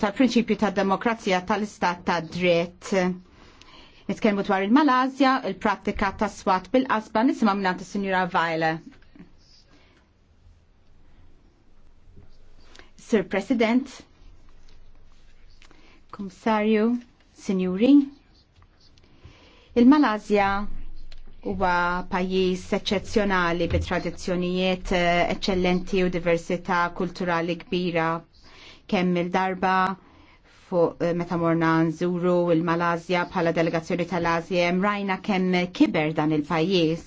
tal-prinċipju tad demokrazija tal-istat ta' dritt. Nitkellmu dwar il-Malazja, il-prattika ta' swat bil-qasba nisimgħu mingħand is-Sinjura Vajle. Sir President, Komissarju, Sinjuri, il-Malazja huwa pajjiż eċċezzjonali bi tradizzjonijiet eh, eċċellenti u diversità kulturali kbira kemm il-darba fuq eh, meta morna nżuru il-Malazja bħala delegazzjoni tal-Azja rajna kemm kiber dan il-pajjiż.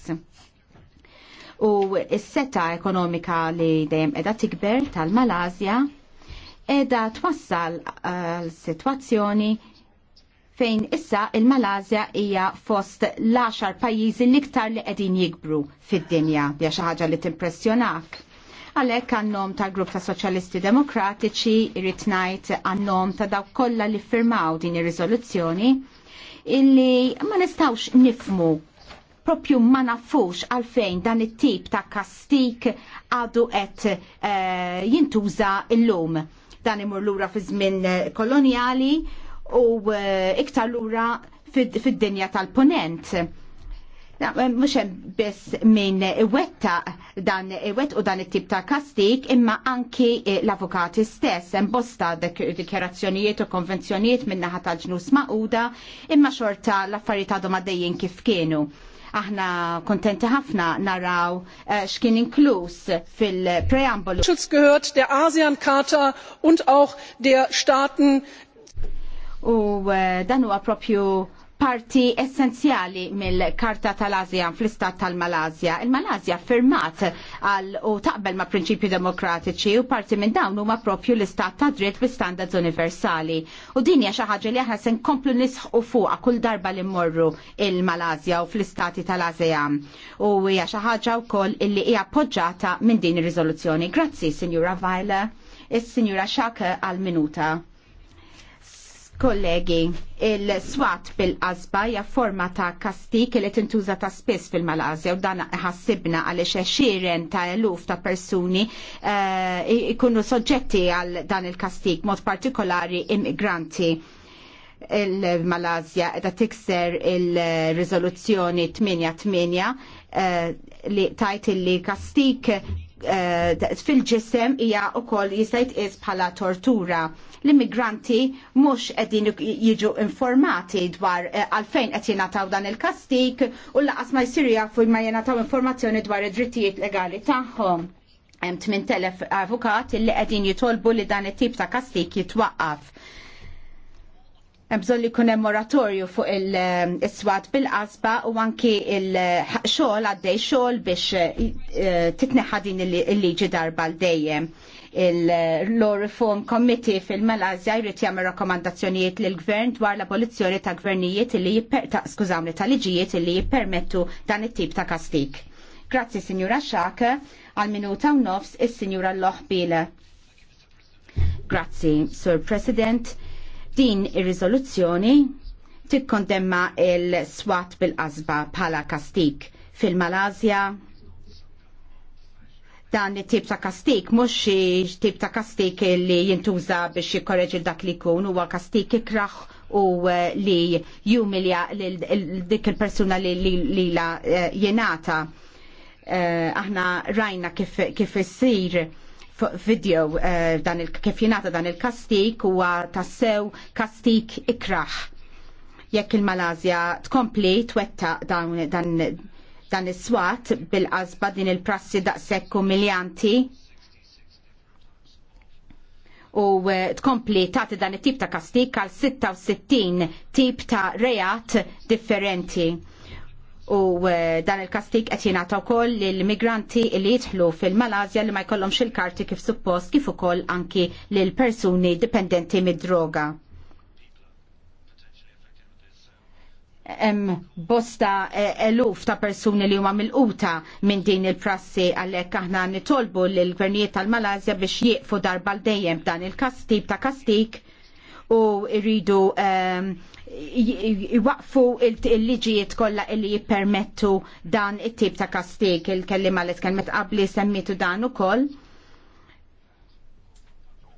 U s-seta ekonomika li dejjem qiegħda tikber tal-Malazja qiegħda twassal għal eh, sitwazzjoni fejn issa il-Malazja hija fost l-10 pajjiżi l-iktar li qegħdin jikbru fid-dinja, biex xi ħaġa li timpressjonak Għalhekk għannom tal-Grupp ta' Soċjalisti Demokratiċi irrid ngħid għan ta' dawk kollha li firmaw din ir-riżoluzzjoni illi ma nistawx nifmu propju ma nafux għalfejn dan it-tip ta' kastik għadu qed e, jintuża l-lum Dan imur lura fi żmien eh, koloniali u uh, iktar lura fid-dinja tal-ponent Mux hemm biss minn iwetta dan wet u dan it-tip ta' kastik imma anki eh, l-avukati stess hemm bosta dikjarazzjonijiet u konvenzjonijiet minn naħa tal-ġnus maquda imma xorta l-affarijiet għadhom għaddejjin kif kienu. Aħna kontenti ħafna naraw eh, x'kien inkluż fil-preambolu. Schutz gehört der ASEAN-Charta und auch der Staaten. U eh, dan huwa propju parti essenzjali mill-Karta tal azja fl-Istat tal-Malazja. Il-Malazja firmat għal u taqbel ma' prinċipju demokratiċi u parti minn dawn huma propju l-Istat ta' dritt bi standards universali. U din hija xi ħaġa li aħna se nkomplu nisħu fuqha kull darba li mmorru il-Malazja u fl-Istati tal azja U hija xi ħaġa wkoll illi hija appoġġjata minn din ir-riżoluzzjoni. Grazzi, Sinjura Vajla. Is-Sinjura Xaka għal-minuta. Kollegi, il-swat bil-qasba hija forma ta' kastik li tintuża ta' spiss fil-Malazja u dan ħassibna għaliex xiren ta' eluf ta' persuni eh, ikunu soġġetti għal dan il-kastik, mod partikolari immigranti il-Malazja edha tikser il-rizoluzzjoni 8-8 eh, li tajt li kastik Eh, fil-ġisem hija wkoll jista' jitqies bħala tortura. L-immigranti mhux qegħdin jiġu informati dwar eh, għalfejn qed jingħataw dan il-kastik u laqas ma jsir fuq ma jingħataw informazzjoni dwar id-drittijiet legali tagħhom. Hemm 8000 avukat li qegħdin jitolbu li dan it-tip ta' kastik jitwaqqaf bżon li kunem moratorju fuq il-swat eh, bil-qasba u anki il-xol għaddej xol biex eh, titneħa din il-liġi darba l-dejjem il-Law Reform Committee fil-Malazja jrid jagħmel rakkomandazzjonijiet lil gvern dwar l-abolizzjoni ta' gvernijiet li ta' skużawni ta' liġijiet li jippermettu dan it-tip ta' kastik. Grazzi Sinjura Xak, għal minuta u nofs is-Sinjura Loħbile. Grazzi, Sur President Din ir-riżoluzzjoni tikkondemma il-swat bil-qasba bħala kastik fil-Malazja, dan it-tip ta' kastik, mhux xi tip ta' kastik li jintuża biex jikkoreġi dak li jkun huwa kastik ikraħ u eh, li jumilja dik il-persuna li lila eh, jenata. Eh, aħna rajna kif issir video eh, dan il kif jingħata dan il-kastik huwa tassew kastik ikraħ. Jekk il-Malazja tkompli twetta dan, dan, dan is-swat bil-qasba din il-prassi daqshekk umiljanti u eh, tkompli tagħti dan it-tip ta' kastik għal 66 tip ta' rejat differenti u eh, dan il-kastik qed jingħata wkoll lill-migranti li jidħlu fil malasja li ma jkollhomx il-karti kif suppost kif ukoll anki lil persuni dipendenti mid-droga. Hemm bosta eh, eluf ta' persuni li huma milquta minn din il-prassi għalhekk aħna nitolbu lill gvernijiet tal malasja biex jieqfu darba l dejjem dan il-kastik ta' kastik u rridu ehm, iwaqfu il-liġijiet kollha illi jippermettu dan it-tip ta' kastik il-kellima li tkellmet qabli semmitu dan ukoll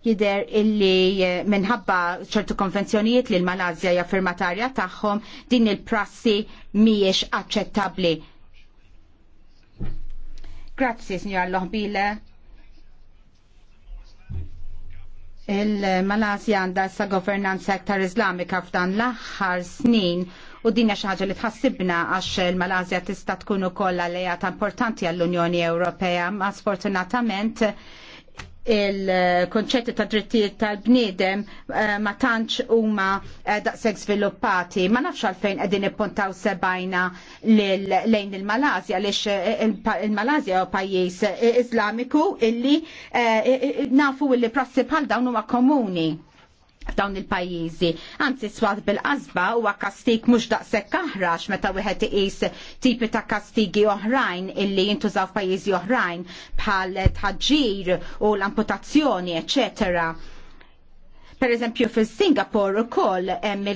jider illi eh, minħabba ċertu konvenzjonijiet li l-Malazja hija firmatarja tagħhom din il-prassi mhijiex aċċettabbli. Grazzi, signor Lohbile. il-Malasja għandha sa governanza aktar islamika f'dan l-aħħar snin u din hija xi ħaġa li tħassibna għax il-Malasja tista' tkun ukoll alleata importanti għall-Unjoni Ewropea ma sfortunatament il-konċetti ta' drittijiet tal-bniedem eh, ma tantx huma eh, daqshekk sviluppati. Ma nafx għalfejn qegħdin ippuntaw sebajna lejn eh, il malasja għaliex il malasja huwa pajjiż Islamiku illi nafu li prassi bħal dawn huma komuni. Dawn il-pajjiżi. Anzi swat bil-qasba huwa kastig mhux daqshekk aħrax meta wieħed iqis tipi ta' kastigi oħrajn illi jintużaw f'pajjiżi oħrajn bħal tħaġġir u l-amputazzjoni, eċetera. Per eżempju, fil-Singapore ukoll hemm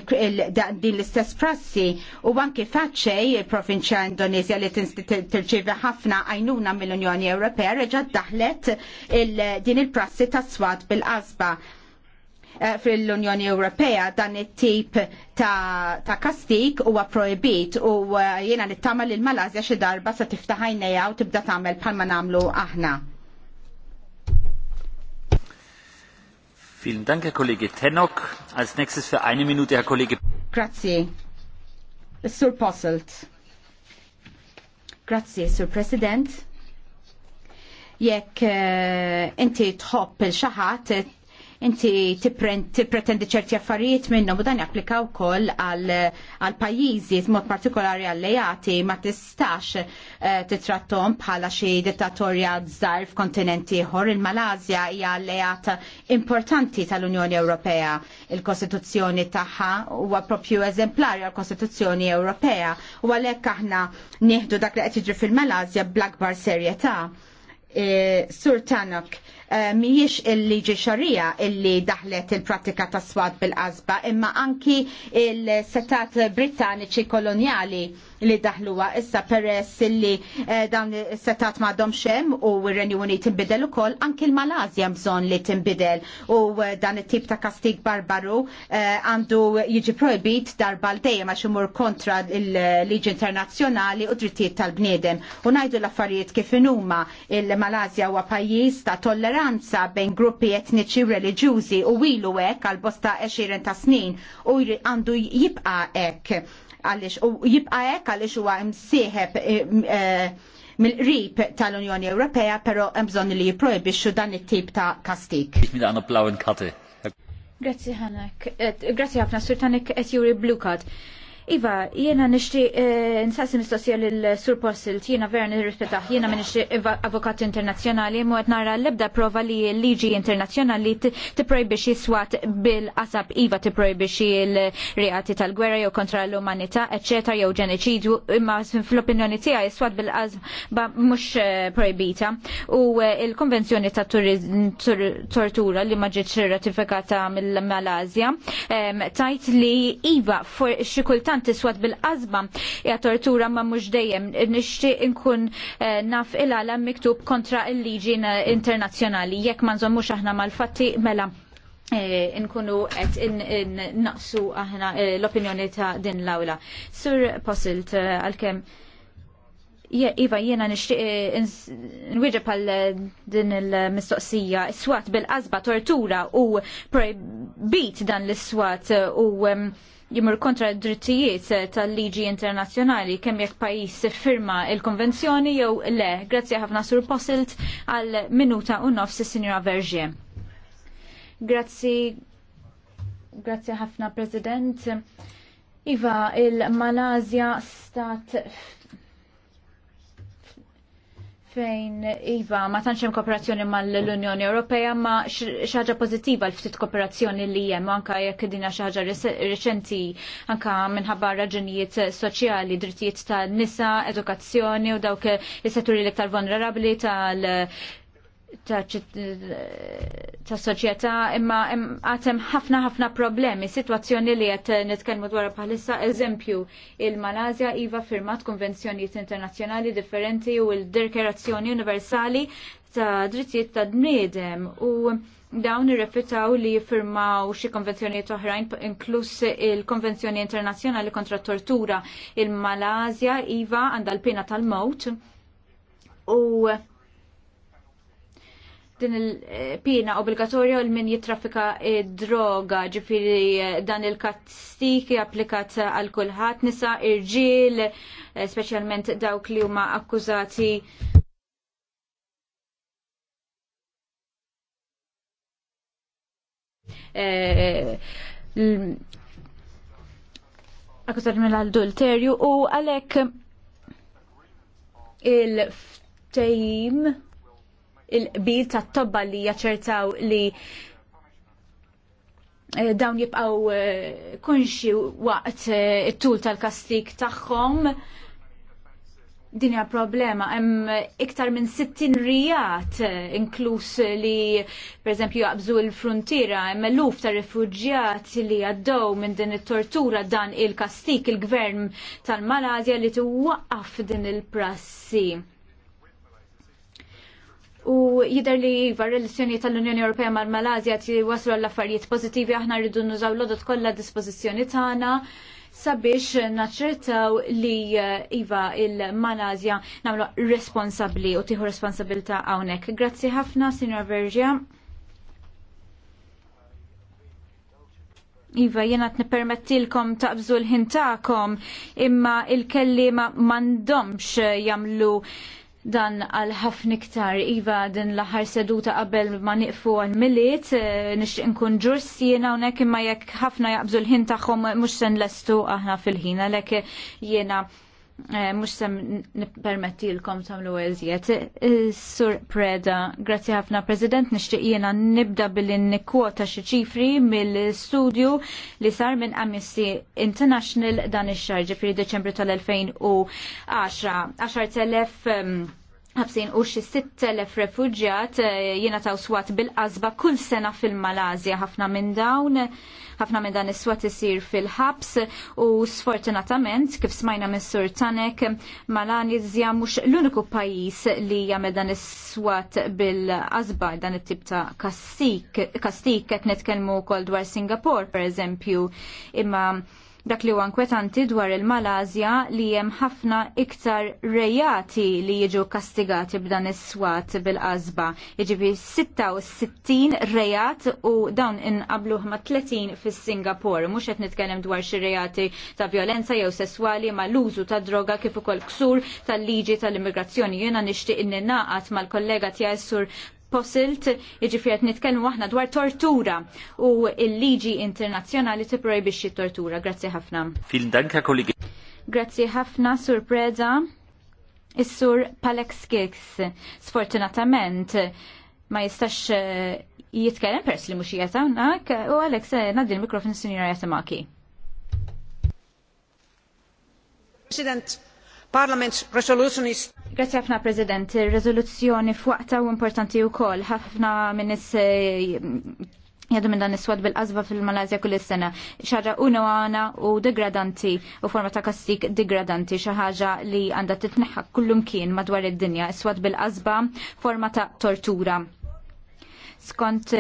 din l-istess prassi u anke faċċej il-provinċja Indonezja li tirċievi ħafna għajnuna mill-Unjoni Ewropea reġa' daħlet din il-prassi tas swat bil-qasba Eh, fil-Unjoni Ewropea dan it-tip ta', ta kastik huwa proibit u eh, jiena nittama li l-Malazja xi darba se tiftaħ għajnejha u tibda tagħmel ma nagħmlu aħna. Vielen Dank, Herr Kollege Tenok. Als nächstes für eine Minute, Herr Kollege. Grazie. Sur Posselt. Grazie, Sur President. Jekk eh, inti tħobb il-xaħat inti tippretendi ċerti affarijiet minnhom u dan japplika wkoll għal pajjiżi mod partikolari alleati ma tistax eh, titrattom bħala xi dittatorja żgħar f'kontinenti ieħor. il malasja hija alleat importanti tal-Unjoni Ewropea. Il-Kostituzzjoni tagħha huwa proprju eżemplari għall kostituzzjoni Ewropea u għalhekk aħna nieħdu dak li qed jiġri fil malasja bl-akbar serjetà E, Sur Tanok, e, miex il-liġi xarija illi daħlet il-pratika ta' swad bil-qasba, imma anki il-setat britanniċi koloniali li daħluwa issa peress li eh, dan setat ma domxem u r-Renju Unit timbidel u koll anki l-Malazja mżon li timbidel u eh, dan it-tip ta' kastig barbaru eh, għandu jiġi projbit darba l-dejjem għax imur kontra l-liġi internazzjonali u drittijiet tal-bniedem. U najdu l-affarijiet kif inuma il-Malazja huwa pajjiż ta' tolleranza bejn gruppi etniċi u reliġjużi u ilu hekk għal bosta 20 ta' snin u għandu jibqa' hekk għalix u jibqa' ek għalix u għam msieħeb eh, eh, mill rip tal-Unjoni Ewropea, pero għamżon li jipprojbixxu dan il tip ta' kastik. Grazie ħanak, grazie ħafna, Sur Tanik qed juri Blue Card. Iva, jiena nishti eh, nsasi mistoqsija l-Sur Posselt, jiena vera nirrispetaħ, jiena minixti avukat internazjonali, mu nara l-ebda prova li l-liġi internazjonali t swat bil-qasab Iva t l-reati tal-gwerra jew kontra l-umanita, eccetera, jew ġenicidju, imma fl-opinjoni tija swat bil ba mux eh, projbita. U eh, il-konvenzjoni ta' tortura li maġiċ ratifikata mill-Malazja, tajt li Iva, kultant kultant tiswad bil-qazba ja tortura ma mhux dejjem nixtieq inkun eh, naf il-għala miktub kontra il-liġi internazzjonali jekk ma nżommux aħna mal-fatti mela eh, nkunu qed naqsu aħna eh, l-opinjoni ta' din l-awla. Sur Possilt għalkemm Iva, jiena nishtiq nwiġa pal din il-mistoqsija, swat bil-qasba tortura u projbit dan l-swat u jimur kontra drittijiet tal-liġi internazzjonali kemm jekk pajjiż firma il-konvenzjoni jew le. Grazzi ħafna sur Posilt għal minuta u nofs is-Sinjora Verġie. Grazzi Grazzi ħafna President. Iva, il-Malazja stat fejn Iva ma tantx hemm kooperazzjoni mal-Unjoni Ewropea ma xi ħaġa pożittiva l ftit kooperazzjoni li hemm anke jekk dinha xi ħaġa reċenti anke minħabba raġunijiet soċjali, drittijiet tan-nisa, edukazzjoni u dawk is-setturi l-iktar vulnerabbli tal ta' soċjetà imma għatem ħafna ħafna problemi, situazzjoni li għet nitkelmu dwar bħalissa, eżempju, il-Malazja iva firmat konvenzjonijiet internazzjonali differenti u l-Dekerazzjoni Universali ta' drittijiet ta' bniedem u dawn irrefitaw li firmaw xi konvenzjonijiet oħrajn inkluż il-Konvenzjoni Internazzjonali kontra Tortura. Il-Malazja iva għandha l-pena tal-mewt u din il-pina eh, obbligatorja l min jitraffika eh, droga ġifiri eh, dan il-kastik applikat għal kulħadd nisa irġiel, speċjalment dawk li huma akkużati akkużati mill-adulterju u għalhekk il-ftejm il-qbil tat-tobba li jaċertaw li eh, dawn jibqaw eh, kunxi waqt eh, it-tul tal-kastik tagħhom Dinja problema hemm iktar minn 60 rijat inkluż li pereżempju jaqbżu l-fruntiera hemm eluf ta' rifuġjati li għaddew minn din it-tortura dan il-kastik il-gvern tal malazja li tiwaqqaf din il-prassi u jider li var relazzjoni tal-Unjoni Ewropea mal-Malazja ti waslu għall-affarijiet pozittivi aħna rridu nużaw l-odot kollha dispożizzjoni tagħna sabiex naċċertaw li eh, Iva il-Malazja namlu responsabli u tiħu responsabilta hawnhekk. Grazzi ħafna, Signor Vergia. Iva, jena t-nipermettilkom taqbżu l-ħintakom, imma il-kellima mandomx jamlu dan għal ħafna iktar iva din l-aħħar seduta qabel ma niqfu għal miliet eh, nixtieq nkun ġursi jiena hawnhekk imma jekk ħafna jaqbżu l-ħin tagħhom mhux se nlestu aħna fil-ħin għalhekk jiena Eh, mux sem nipermettilkom tamlu eżiet. Sur Preda, grazzi ħafna President, nishtiq jena nibda bil nikkwota xi ċifri mill-studju li sar minn Amnesty International dan ix xarġi ġifri Deċembru tal-2010. 10,000 ħabsin u xi 6,000 refuġjat eh, jiena taw swat bil-qasba kull sena fil-Malazja ħafna minn dawn ħafna minn dan is-swat isir fil-ħabs u sfortunatament kif smajna minn Sur Tanek Malanizja mhux l-uniku pajjiż li jagħmel dan is-swat bil-qasba dan it-tip ta' kastik kastik qed nitkellmu wkoll dwar Singapore pereżempju imma Dak li huwa kwetanti dwar il-Malazja li hemm ħafna iktar rejati li jiġu kastigati b'dan is-swat bil-qasba. Jiġifi 66 rejat u dawn inqabluh ma' 30 fis-Singapur. Mhux qed nitkellem dwar xi rejati ta' violenza jew sesswali ma' l-użu ta' droga kif ukoll ksur tal-liġi tal-immigrazzjoni. Jiena nixtieq inni naqat mal-kollega tiegħi sur posilt, iġifiet nitkellmu aħna dwar tortura u il-liġi internazzjonali tipprojbixxi tortura. Grazzi ħafna. Fil danka kollegi. Grazzi ħafna, Sur Preda. Is-Sur Palex Kicks, sfortunatament, ma jistax eh, jitkellem pers li mux jgħatawnak, u Alex, eh, naddi l-mikrofon s-sinjora President, Parliament's resolution is Grazie ħafna President, il-rezoluzzjoni f'waqta u importanti u kol, ħafna minnis eh, jadu minn dan iswad bil qazba fil-Malazja kull sena xaġa unwana u degradanti u forma ta' kastik degradanti xaħġa li għanda titneħħa kullum kien madwar id-dinja iswad bil-qasba forma ta' tortura. Skont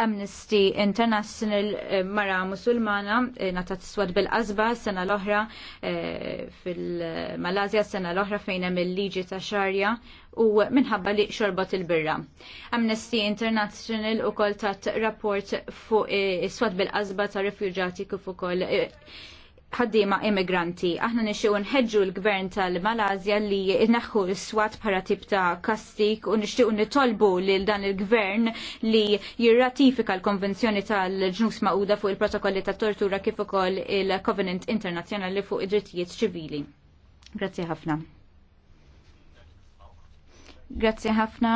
Amnesty International eh, mara musulmana eh, natat swad bil-qasba sena l-oħra eh, fil-Malazja sena l-oħra fejn hemm il-liġi ta' xarja u minħabba li xorbot il-birra. Amnesty International u kol tat rapport fuq swad bil-qasba ta' refugjati kif ukoll ħaddiema immigranti. Aħna nixxew nħeġġu l-gvern tal-Malazja li naħħu s-swat bħala tip ta' kastik u nixtiequ nitolbu lil dan il-gvern li jirratifika l-Konvenzjoni tal-ġnus Mauda fuq il-protokolli ta' tortura kif ukoll il-Covenant Internazzjonali fuq id-drittijiet ċivili. Grazzi ħafna. Grazzi ħafna.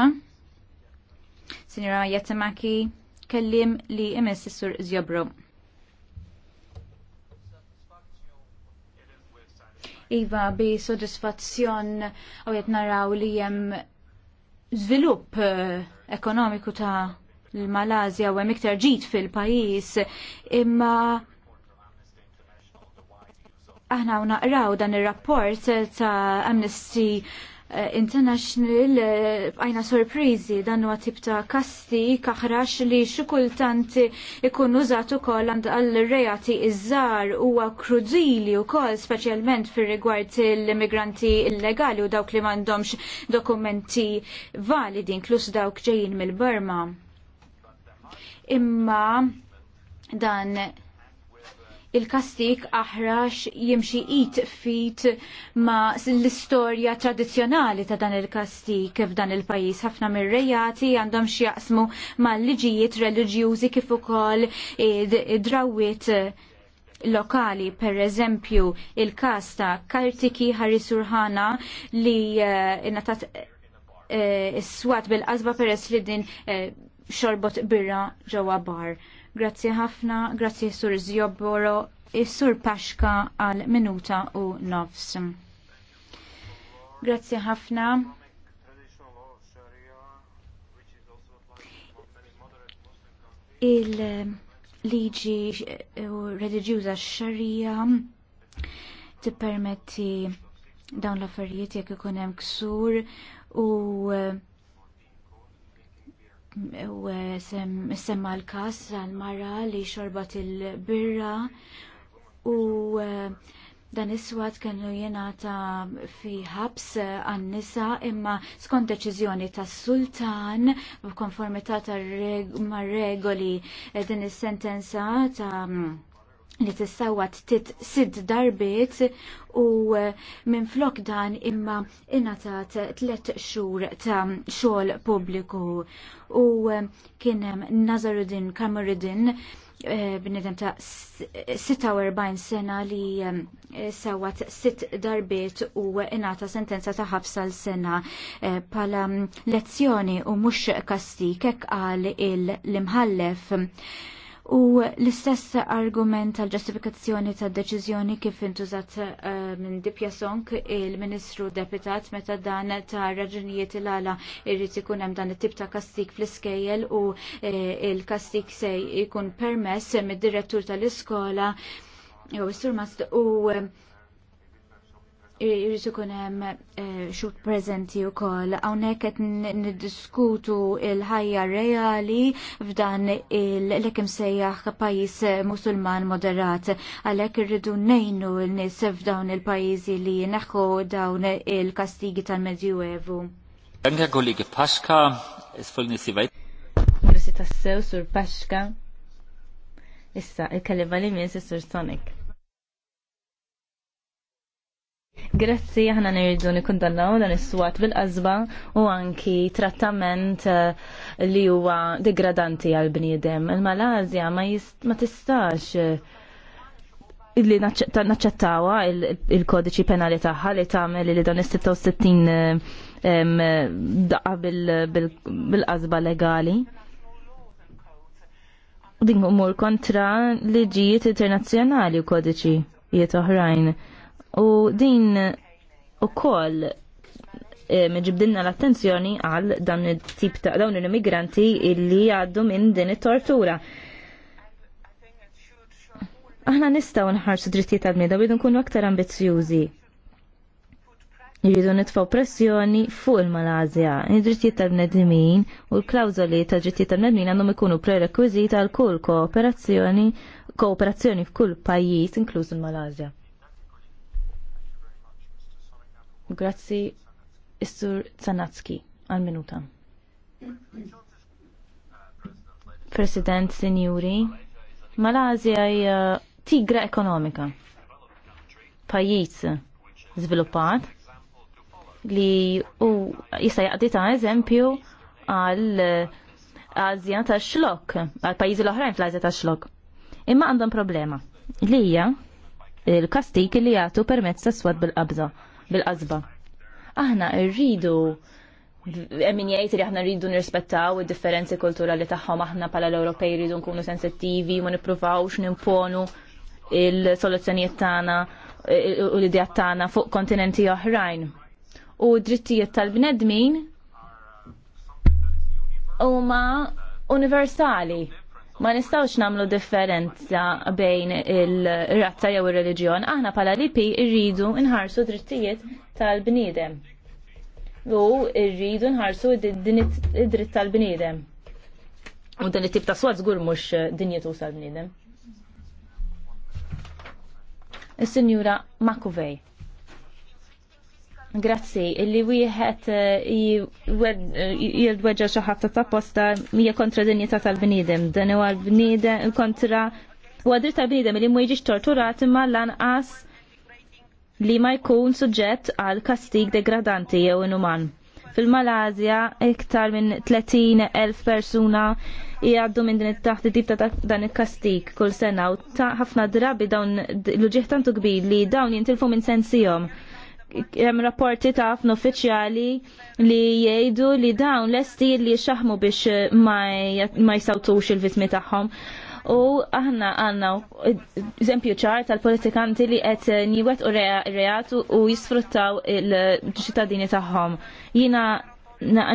Sinjora Jatamaki, kellim li imess s sur Zjobro. Iva bi sodisfazzjon u jett naraw li jem zvilup eh, ekonomiku ta' l-Malazja u hemm iktar ġid fil-pajis imma aħna naqraw dan ir-rapport ta' Amnesty Eh, international eh, għajna sorprizi dan huwa tip ta' kasti kaħrax li xi kultant ikun użat ukoll għand għall-rejati iż-żar huwa krudili wkoll speċjalment fir-rigward l-immigranti illegali u dawk li m'għandhomx dokumenti validi inkluż dawk ġejjin mill-Burma. Imma dan il-kastik aħrax jimxi it fit ma l-istorja tradizjonali ta' dan il-kastik f'dan il-pajis. Ħafna mir-rejati għandhom xjaqsmu ma' liġijiet reliġjużi kif ukoll id-drawit lokali, per eżempju, il kasta ta' Kartiki Harisurħana li uh, eh, natat eh, s-swat bil-qasba peress li din eh, xorbot birra ġewwa bar Grazzi ħafna, grazie Sur Zjobboro, Sur Paxka għal minuta u nofs. Grazzi ħafna. il-liġi u religjuza xarija tippermetti dawn l-affarijiet jekk ikun hemm ksur u u eh, semma l-kas għal marra li xorbat il-birra u eh, dan iswat kienu kellu jenata fi ħabs għan-nisa imma skont deċizjoni ta' sultan b'konformità mar-regoli eh, din is-sentenza ta' li tissawwa tit sid darbiet u e, minn flok dan imma inatat tlet xhur ta' xogħol pubbliku u e, kien hemm Nazaruddin Kamuruddin e, bnidem ta' 46 sena li sawat sitt darbiet u inata sentenza ta' ħabsa sena pala lezzjoni u mux kastik kek għal il-imħallef. U l-istess argument tal ġustifikazzjoni tad deċiżjoni kif intużat eh, minn Dipjasonk il-Ministru Deputat meta dan ta' raġunijiet il-għala irrid ikun hemm dan it-tip ta' kastik fl-iskejjel u eh, il-kastik se jkun permess mid-direttur tal-iskola jew is-sur u eh, Irrid ikun hemm eh, xut preżenti wkoll hawnhekk qed niddiskutu l-ħajja reali f'dan l-ekem sejjaħ pajjiż Musulman moderat għalhekk irridu ngħinu l-nies f'dawn il-pajjiżi li naħħu dawn il-kastigi tal medju Evu. Anke kollegi Paxka, nisi vajt. Grazie tassew sur Paxka. Issa, il-kalima li minn sur Sonic. Grazzi, aħna nirridu nikundannaw dan is-swat bil-qasba u anki trattament eh, li huwa degradanti għal bniedem. Il-Malazja ma tistax eh, illi naċċettawa il-kodiċi penali tagħha li tagħmel li dan is-66 eh, daqqa bil-qasba legali. Din mur kontra liġijiet internazzjonali u kodiċi jiet oħrajn u din u koll eh, meġibdinna l-attenzjoni għal dan tip ta' dawn l-immigranti illi għaddu minn din it-tortura. Aħna nistaw nħarsu drittijiet tal-bnida bidu nkunu aktar ambizzjużi. Jridu nitfaw pressjoni fuq il-Malazja. Id-drittijiet tal-bnedmin u l-klawżoli ta' drittijiet tal-bnedmin għandhom ikunu prerekwiżita għal kull kooperazzjoni kooperazzjoni f'kull pajjiż inkluż il-Malazja. Grazzi Issur Zanatski għal-minuta. President, Sinjuri, Malazja hija tigra ekonomika. Pajjiż żviluppat li u jista' jaqdi ta' eżempju għal Azja ta' xlok, għal pajjiżi l-oħrajn fl-Azja ta' xlok. Imma għandhom problema li hija il-kastik li jagħtu permezz ta' swad bil-qabża bil-qasba. Aħna rridu Emin jgħid li aħna rridu nirrispettaw id-differenzi kulturali tagħhom aħna pala l-Ewropej rridu nkunu sensittivi ma nippruvawx nimponu il-soluzzjonijiet tagħna u l-idejat tagħna fuq kontinenti oħrajn. U drittijiet tal-bnedmin huma universali ma nistawx namlu differenza bejn il-razza jew ir-reliġjon. Aħna pala lipi irridu nħarsu drittijiet tal-bniedem. U irridu nħarsu id-dritt tal-bniedem. U dan it-tip ta' swad żgur mhux dinjetu tal bniedem Is-Sinjura Makovej. Grazzi, illi wieħed eh, eh, jilweġġa xi ħadd ta' posta hija kontra dinjità tal-bniedem, dan huwa l-bniedem kontra huwa dritt tal-bniedem li ma jiġix torturat imma lanqas li ma jkun suġġett għal kastig degradanti jew inuman. Fil-Malazja iktar minn 30 elf persuna jgħaddu minn din taħt id ta' dan il-kastik kull sena u ta' ħafna drabi dawn l-uġieħ tantu kbir li dawn jintilfu minn sensijom jem rapporti ta' ħafna uffiċjali li jgħidu li dawn lesti li xaħmu biex ma jsawtux il-vitmi tagħhom. U aħna għanna eżempju ċar tal-politikanti li qed njiwet u reatu u jisfruttaw il-ċittadini tagħhom. Jina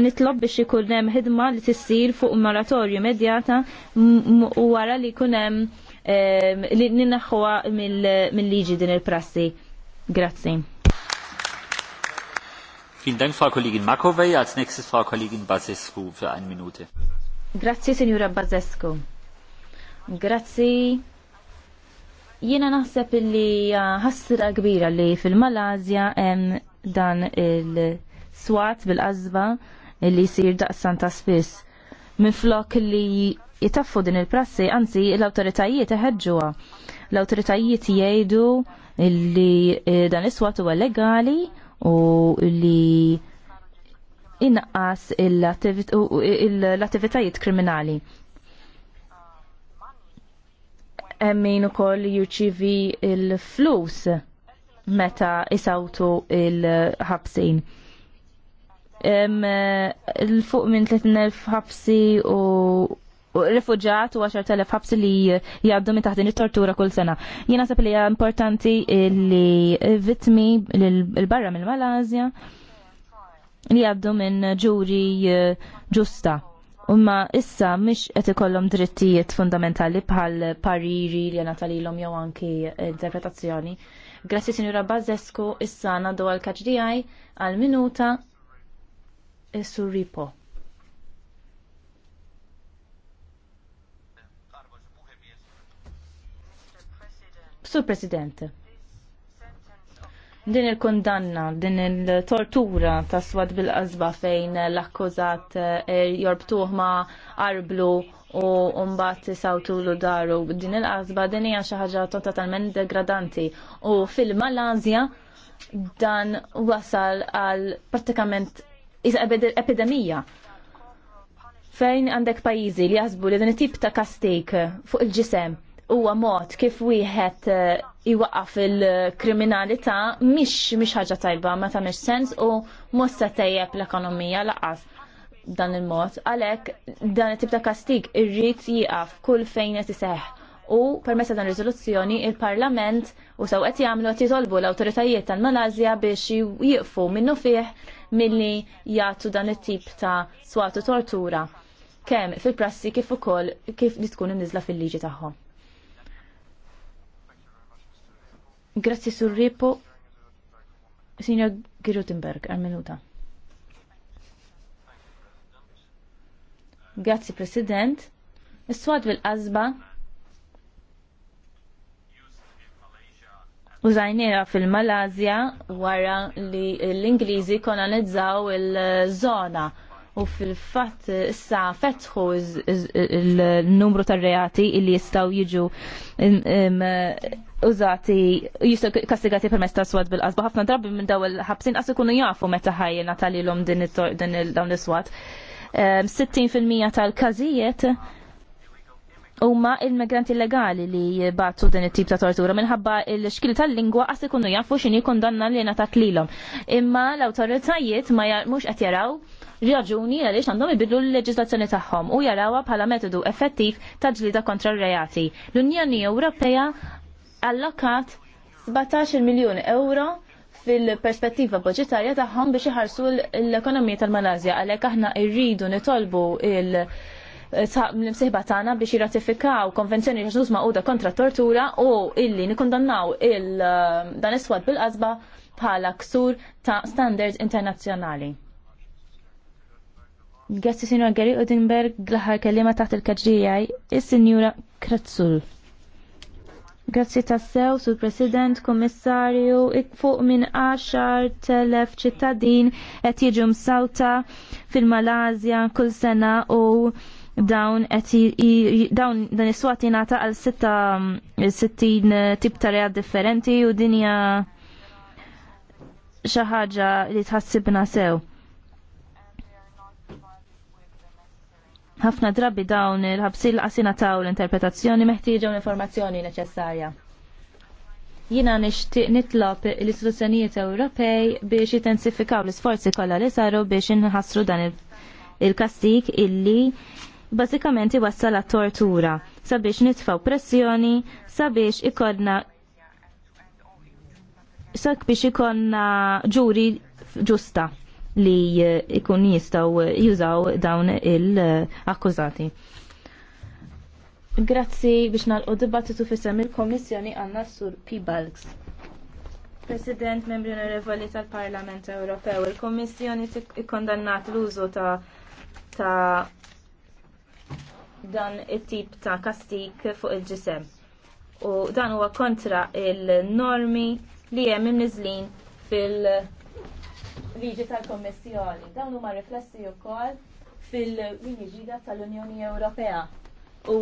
nitlob biex ikun hemm ħidma li tissir fuq moratorju medjata u wara li jkun hemm eh, li ninaħħuha mill-liġi din il-prassi. Grazzi. Vielen Dank, Frau Kollegin Makovej. Als nächstes Frau Kollegin Basescu für eine Minute. Grazie, Signora Basescu. Grazie. Jiena naħseb illi ħassira kbira li fil-Malazja hemm dan il-swat bil-qasba li jsir daqsan ta' spiss. Minflok li jitaffu din il-prassi, anzi l-awtoritajiet iħeġġuha. L-awtoritajiet jgħidu li eh, dan is-swat huwa legali u li inqas l-attivitajiet kriminali. Emmin u koll juċivi il-flus meta isawtu il-ħabsin. Eh, il-fuq minn 30.000 ħabsi u rifugġat u 10.000 ħabs li jgħaddu minn taħt it-tortura kull sena. Jiena sab li hija importanti li vittmi l-barra mill-Malazja li jgħaddu minn ġuri eh, ġusta. Umma issa mish qed ikollhom drittijiet fundamentali bħal pariri li talilom jew anki interpretazzjoni. Grazzi Sinjura Bazzesku issa għandu għal kaġdijaj għal minuta is-sur ripo. Sur President, din il-kondanna, din il-tortura ta' swad bil-qazba fejn l-akkużat eh, jorbtuħ ma' arblu u mbagħad sawtu l daru. Din il-qazba din hija xi ħaġa totalment degradanti u fil-Malazja dan wasal għal pratikament epidemija fejn għandek pajjiżi li jasbu li din tip ta' kastik fuq il-ġisem huwa mod kif wieħed eh, iwaqaf il-kriminalità mhix mhix ħaġa tajba ma tagħmilx sens u mhux se tejjeb l-ekonomija laqas dan il-mod. Għalhekk dan it-tip ta' kastig irrid jieqaf kull fejn qed iseħħ. U permessa dan riżoluzzjoni il-Parlament u sew qed jagħmlu qed jitolbu l-awtoritajiet tal malasja biex jieqfu minnu fih milli jagħtu dan it-tip ta' swatu tortura kemm fil-prassi kif ukoll kif li tkun inniżla fil-liġi tagħhom. Grazzi sul Ripo, Signor Girutenberg, għal minuta. Grazzi President, Is-swad bil-qazba użajnira fil-Malazja wara li l-Ingliżi kolonizzaw il zona u fil-fatt issa fetħu il-numru tar-reati li jistgħu jiġu użati, jistaw kastigati per mesta swad bil-qasba, ħafna drabi minn daw il-ħabsin għas ikunu jafu meta ħajjena tal-ilom din dawn is-swad. 60% ehm, tal-kazijiet Umma il-migranti illegali li battu din it-tip ta' tortura minħabba il-xkil tal-lingwa għas ikunu jafu xini kondanna li jena ta' klilom. Imma l-autoritajiet ma mux qed jaraw raġuni għaliex għandhom ibidlu l-leġislazzjoni tagħhom u jarawha bħala metodu effettiv ta' ġlida kontra r-reati. L-Unjoni Ewropea allokat 17 miljun euro fil-perspettiva budgetarja tagħhom biex iħarsu l-ekonomija tal-Malazja għalhekk aħna rridu nitolbu il- l-imsiħba tagħna biex jirratifikaw konvenzjoni ġnus maquda kontra tortura u illi nikundannaw il dan iswad bil-qasba bħala ksur ta' standards internazzjonali. Gessi Sinjora Gary Udinberg l-ħar kellima taħt il-kaġrijaj, is-Sinjura Kratzul. Grazzi tassew, sur President, Kommissarju, fuq minn 10.000 ċittadin qed jiġu msawta fil-Malazja kull sena u dawn qed dawn dan is-swat jingħata għal 60 mm, eh, tip ta' reat differenti u dinja xi ħaġa li tħassibna sew ħafna drabi dawn il-ħabsil qasina taw l-interpretazzjoni meħtieġa l-informazzjoni neċessarja. Jina nixtieq nitlob l-istituzzjonijiet Ewropej biex jitensifikaw l-isforzi kollha li saru biex inħassru dan il-kastik illi bażikament iwassal tortura sabiex nitfaw pressjoni sabiex ikonna sak biex ikonna ġuri ġusta li eh, ikun jistaw jużaw dawn il-akkużati. Grazzi biex nalqu dibattitu fissem il-Komissjoni għanna sur P. Balks. President, membri onorevoli tal-Parlament Ewropew, il-Komissjoni ikkondannat l-użu ta', ta dan it-tip ta' kastik fuq il-ġisem. U dan huwa kontra il-normi li hemm imniżlin fil- liġi tal-Kommissjoni. Dawn huma riflessi wkoll fil-linji tal-Unjoni Ewropea u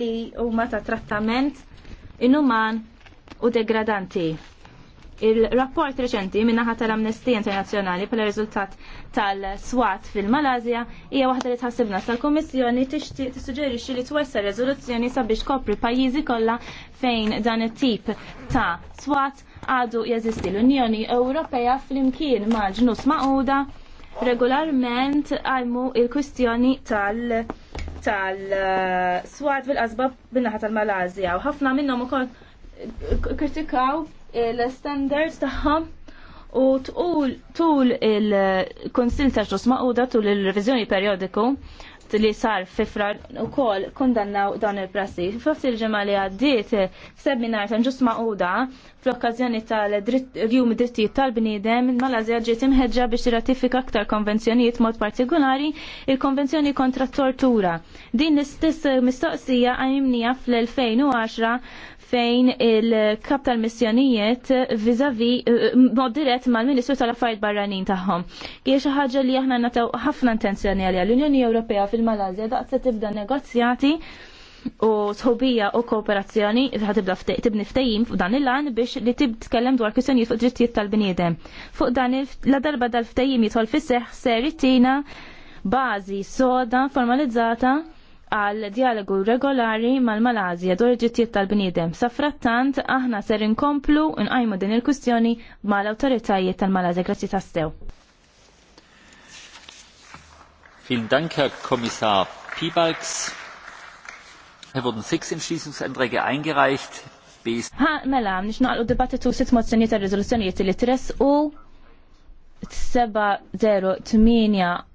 li huma ta' trattament inuman u degradanti. Il-rapport reċenti minnaħa tal-Amnesty Internazzjonali pala riżultat tal-swat fil-Malazja hija waħda li tħassibna tal-Kommissjoni tissuġġerixxi li twessa reżoluzzjoni sabiex kopri pajjiżi kollha fejn dan it-tip ta' swat għadu jeżisti l-Unjoni Ewropea flimkien ma' ġnus ma'quda regolarment għajmu il-kwistjoni tal- tal-swat fil-qasba bin-naħa tal-Malazja u ħafna minnhom ukoll kritikaw l-standards taħħa u tqul tul il-Konsil ta' ġus maquda tul il revizjoni periodiku li sar fifrar u kol kondannaw dan il-prassi. Fost il-ġemma li għaddit seminar ta' ġus maquda fl-okkazjoni tal-jum dritti tal-bnidem mal-Azja ġiet imħedġa biex ratifika aktar konvenzjonijiet mod partikolari il-konvenzjoni kontra tortura. Din l-istess mistoqsija għajmnija fl-2010 fejn il-kap tal-missjonijiet vizavi eh, mod dirett mal-Ministru tal-Affarijiet Barranin tagħhom. Kiex xi ħaġa li aħna nagħtew ħafna intenzjoni għalija l-Unjoni Ewropea fil-Malasja daqs se tibda negozjati u sħobija u kooperazzjoni ħatibda tibni ftejim fuq dan il-lan biex li tib tkellem dwar kwistjonijiet fuq drittijiet tal-bniedem. Fuq dan la darba dal-ftejim jidħol fis seħħ ser bażi soda formalizzata għal dialogu regolari mal-Malazja dwar ġittijiet tal-bniedem. Sa frattant aħna ser inkomplu nqajmu din il-kwistjoni mal-awtoritajiet tal-Malazja. Grazzi stew. Vielen Dank, Herr Kommissar Piebalgs. Es wurden sechs Entschließungsanträge eingereicht. Ha, mela, nix naqlu dibattitu sitt mozzjonijiet ta' rizoluzzjonijiet li tress u 708